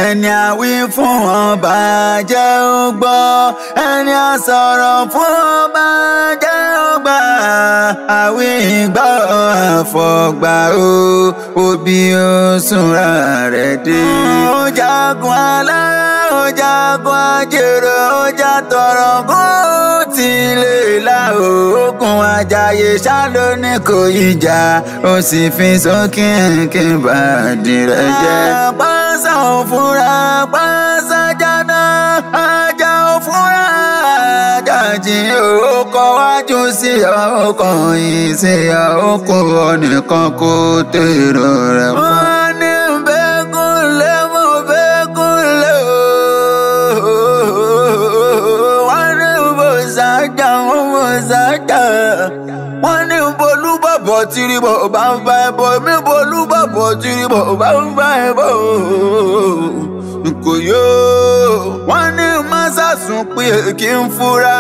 S6: ẹni àwí fún ọba jẹ́ ó gbọ́ ẹni àsọ̀rọ̀ fún ọba jẹ́ ó gbà àwí
S3: gbọ́ àfọ̀gbà o òbí ó súnra rẹ̀ dé. ó jagun alára ó jagun ajérò ó já tọrọ kó tilé la oògùn ajayi ṣáàló ní kò yíjà ó sì fi sókè kí bàdìrẹ jẹ
S6: pàṣẹ ofura, pàṣẹ jáná ajá òfúnra
S3: ajájì òkò wájú sí ọkọ̀ yìí sí ọkọ̀ nìkan kó tèrò rẹ̀ wá. bọ̀ tìrì bọ̀ bá ń bá ẹ bọ̀ mi bọ̀ lù bá bọ̀ tìrì bọ̀ bá ń bá ẹ bọ̀ kò yóò wọ́n ní. sàsùn pé kí n fura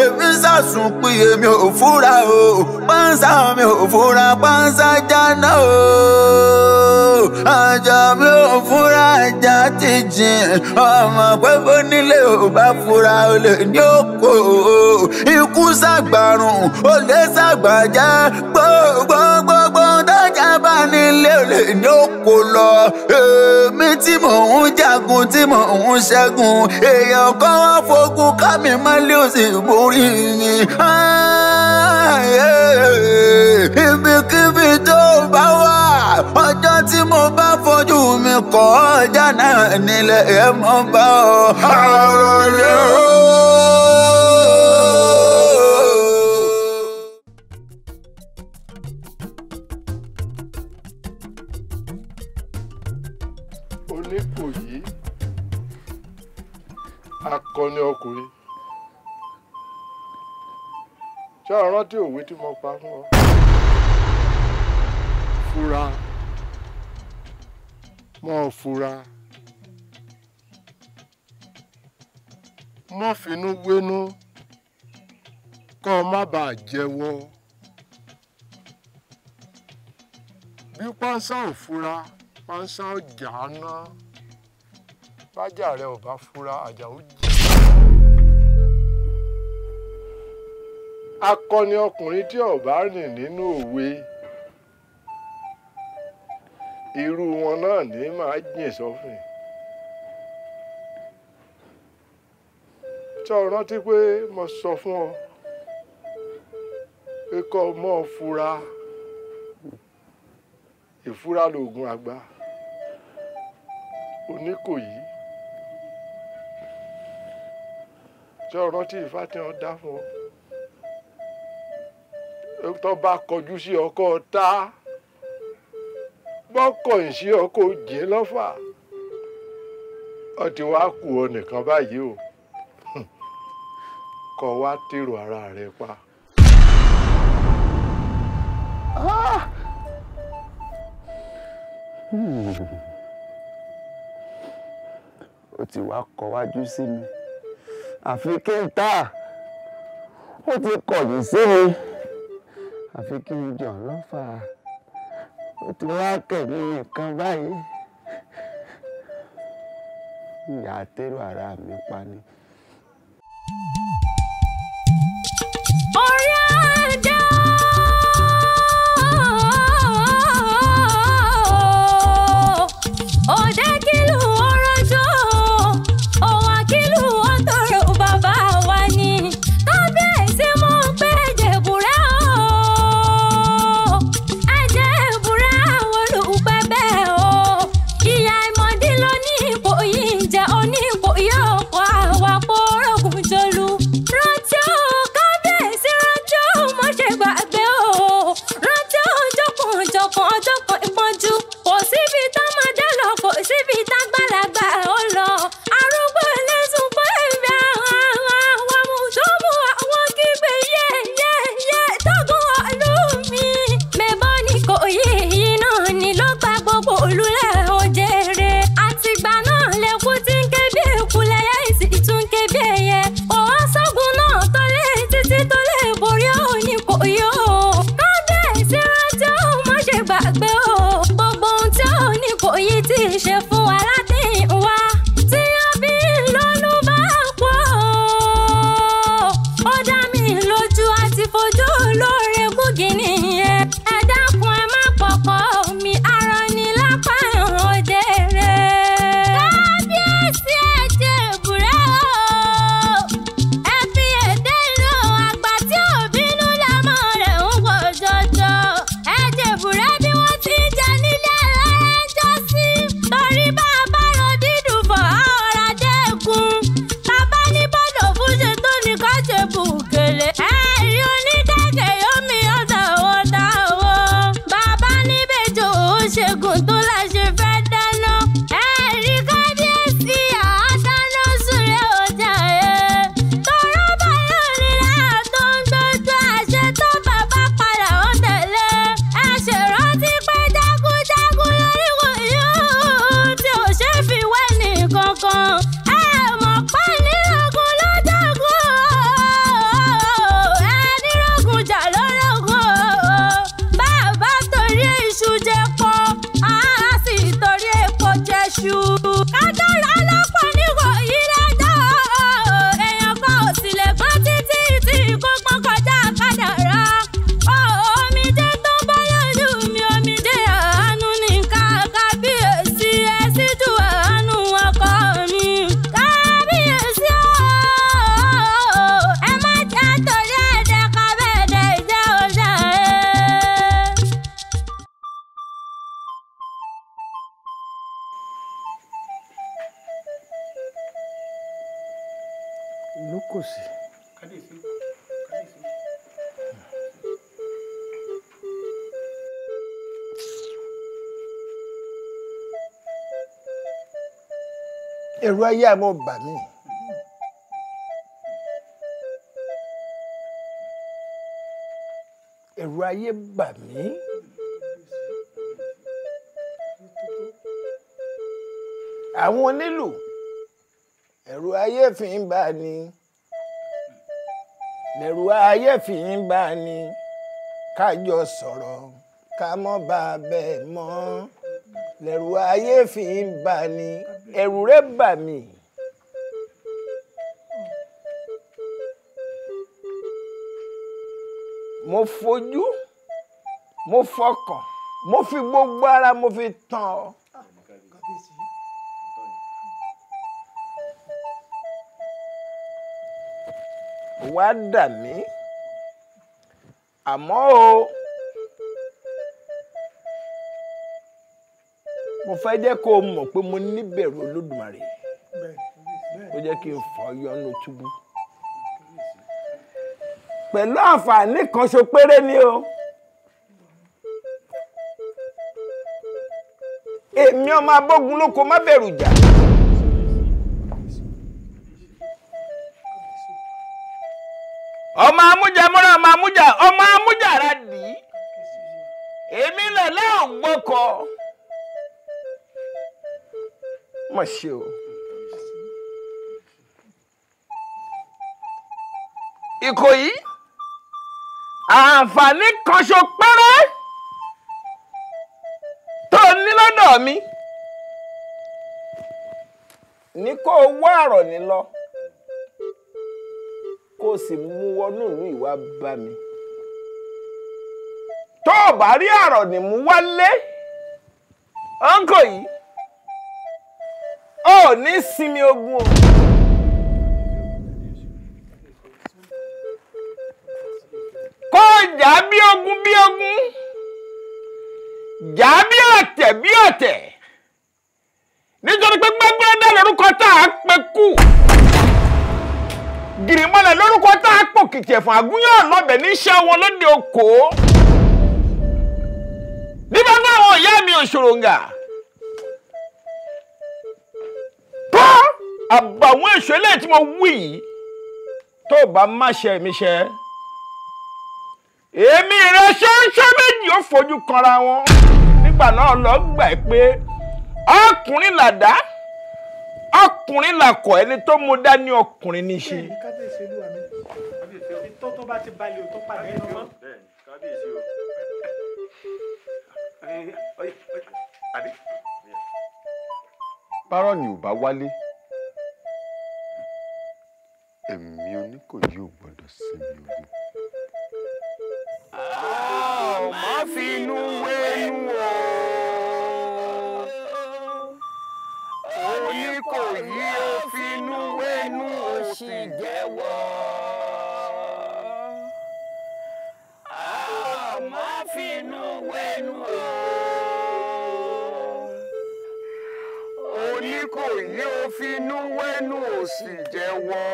S3: èmi sàsùn pé èmi ò fura o pánsá mi ò fura pánsá jáná o àjà mi ò fura àjà ti jìn ọmọ pẹ́pẹ́ nílé ò bá fura o lè ní òkò o ikú sàgbàrùn ó lè sàgbàjá gbogbogbò nílé olè dóko lọ èmi tí mò ń jagun tí mò ń ṣẹ́gun èèyàn kan wá fogun kámi mọ́lẹ́ òsì borí ni. ibikíbi tó bá wà ọjọ́ tí mo bá fojú mi kọ́ ọjà náà nílẹ̀ ẹ̀ mọ́ bá ọ. àròlé o. kọ́ ní ọkùnrin
S5: ṣé o rántí òwe tí mo pa fún ọ. fura mọ́ fura
S3: mọ́ finú wénú kọ́ ọ má bàa jẹ́wọ́ bí pánsá ò fura pánsá ò jà á ná bájà rẹ ò bá fura àjà ó jà. akọni ọkùnrin tí ó bá rìn nínú òwe irú wọn náà ní máa jìn sọfìn tí ọ rántí pé mo sọ fún ọ pé kọ́ mọ́ fura ìfura lóògùn àgbà oníkòyí tí ọ rántí ìfá tí wọn dá fún ọ tó bá kọjú sí ọkọ ta bọ́kọ̀ ń sí ọkọ jẹ́ lọ́fà ọ ti wá kù ọ nìkan báyìí o kọ wá tèrò ara rẹ pa.
S5: Ah!
S6: Hmm.
S3: ó ti wá kọwájú sí mi àfi kí n ta ó ti kọ̀yìn sí mi àfi kí n jàn lọ́fà ó ti wá kẹ̀mí nìkan báyìí ìyá tẹ́rù ara mi pa ni.
S5: ọ̀rẹ́ àdá.
S3: ẹ̀rù ayé àmọ́ bà mí. ẹ̀rù ayé bà mí. àwọn onílù ẹ̀rù ayé fi ń bà ní ẹ̀rù ayé fi ń bà ní kájọ sọ̀rọ̀ ká mọ́ bá bẹ́ẹ̀ mọ́ lẹ́rù ayé fi ń bà ní ẹ̀rù rẹ̀ bà mí. mo fojú mo fọkàn mo fi gbogbo ara mo fi tàn ọ́. wá dà mí àmọ́ o. mo fẹ́ jẹ́ kó o mọ̀ pé mo níbẹ̀rù olódùmarè ó jẹ́ kí n fọ́ yọnu túbú pẹ̀lú àǹfààní kan ṣo péré ni o èmi ọmọ abógun lóko má bẹ̀rù jà. ọmọ amújà múra ọmọ amújà ọmọ amújà rà dì í èmi lọ lẹ́ọ̀gbọ́kọ̀. mà ṣe o. Ìkòyí àǹfààní kan ṣo péré tó ní lọ́dọ̀ mi ní kó o wá àrọ̀ ní lọ kó o sì mú wọnú ìlú mi tó o bá rí àrọ̀ ní mú wálé ọ̀nkò ò ní sinmi ogun o.
S5: kó jà bí ogun bí ogun
S3: jà bí ọ̀tẹ̀ bí ọ̀tẹ̀ nítorí pé gbẹ́gbẹ́dá lórúkọ tá a pẹ́ kú gìrìmọ́lẹ̀ lórúkọ tá a pò kìkì ẹ̀fọn àgúnyàn lọ́bẹ̀ níṣẹ́ wọn lóde okòó nígbà náà àwọn ìyá mi ò ṣòro ńgà. àbàwọn èṣù eléyìí tí mo wí yìí tó bá má ṣe mi ṣe èmi rẹ ṣẹ́ńṣẹ́ méjì ó fojú kanra wọn nígbà náà lọ gbà ẹ pé ọkùnrin làdá ọkùnrin làkọ ẹni tó mú dání ọkùnrin ní ṣe. tó ni ò bá wálé ẹ̀mí oníkòyí ò gbọ́dọ̀ sí mi ogun.
S5: má fi inú wénú
S6: o. oníkòyí ò fi inú wénú o sì jẹ́wọ́.
S3: fi ò finú wẹ́nu ò sì jẹ́wọ́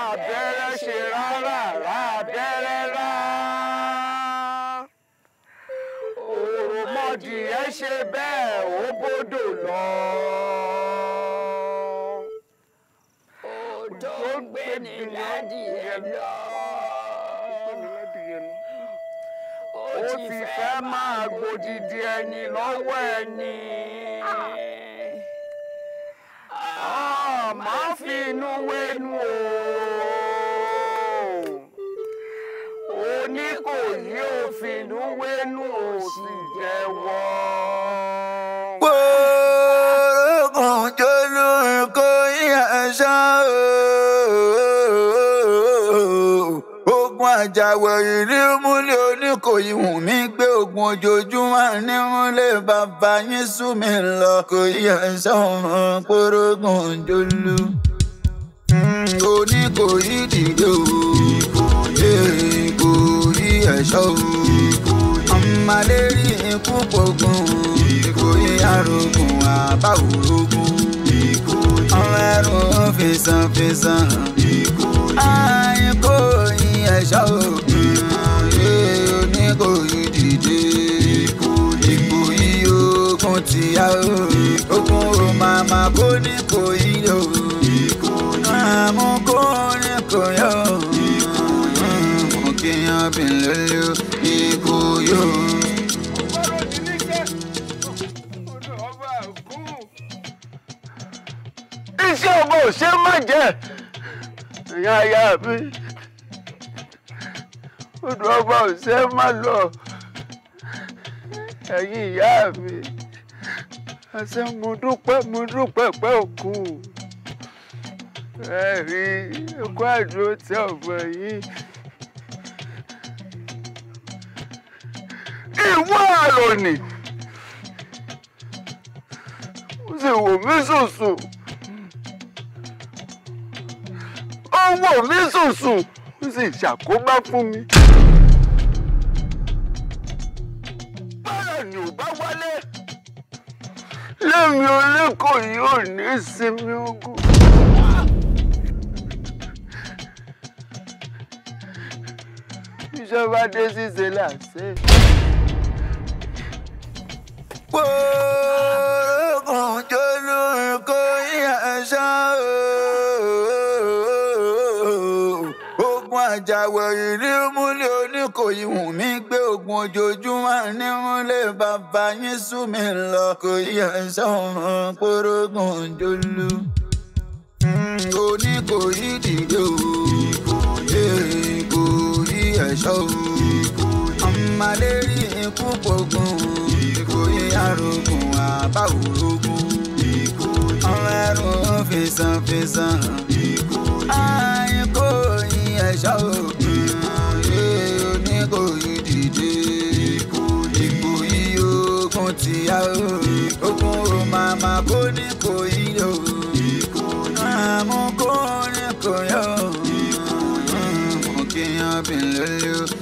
S6: abẹ́rẹ́ ṣe rárá rá abẹ́rẹ́ rá òròmọdìyẹ ṣe bẹ́ẹ̀ ó bódò lọ.
S3: àwẹ̀rì ní múlẹ̀ oníkòyí wù mí gbé ogun ojoojúmọ́ ní múlẹ̀ bàbá yín sú mi lọ kò yẹ sọ́mọ pórógùn jólú. oníkòyí dìde o ìkòyí ẹ̀ṣọ́ o ọmọlérí ikú pogun ìkòyí arógun àbá òrógun ọmọ ẹrù fèsànfèsàn ìkòyí ẹ̀ṣọ́ o. tìyá o ogun o màmá kó ní kò yí o àmú kó ní kò yọ mo kíyan bí lólu ikú yó. iṣẹ́ ọmọ ò ṣe má jẹ́ ìyá ayá mi odò ọba ò ṣe má lọ ẹ̀yin ìyá mi àṣẹ mo dúpẹ́ mo dúpẹ́ pẹ́ òkú ẹ ikú àdúró tí ọ̀gbọ̀n yìí. ìwọ àrònì ó sì wò mí sùsùn ó wò mí sùsùn ó sì ṣàkóbá fún mi. mi olékò yóò ní ìsinmi ogun. ìjọba dé ṣíṣe làṣẹ. gbòòrùn tó lóyún kó yá ṣá ogun àjàwẹ̀ ìlú múlẹ̀ oníkòyí wù mí oògùn ojoojúmọ́ ní múlé bàbá yín sú mi lọ kò yẹ sọmọ porogun jolú. oní kò yí dìde o ìkò yí ẹ̀ṣọ́ o ọmọlérí ikú pogun ìkò yí arógun àbá òrógun ọmọ ẹrù fèsànfèsàn
S6: ìkò yí ẹ̀ṣọ́ o. ogun ti yá
S3: o ogun o màmá kó ní kò yí o màmú kó ní kò yá o mo kí yan bí lólu.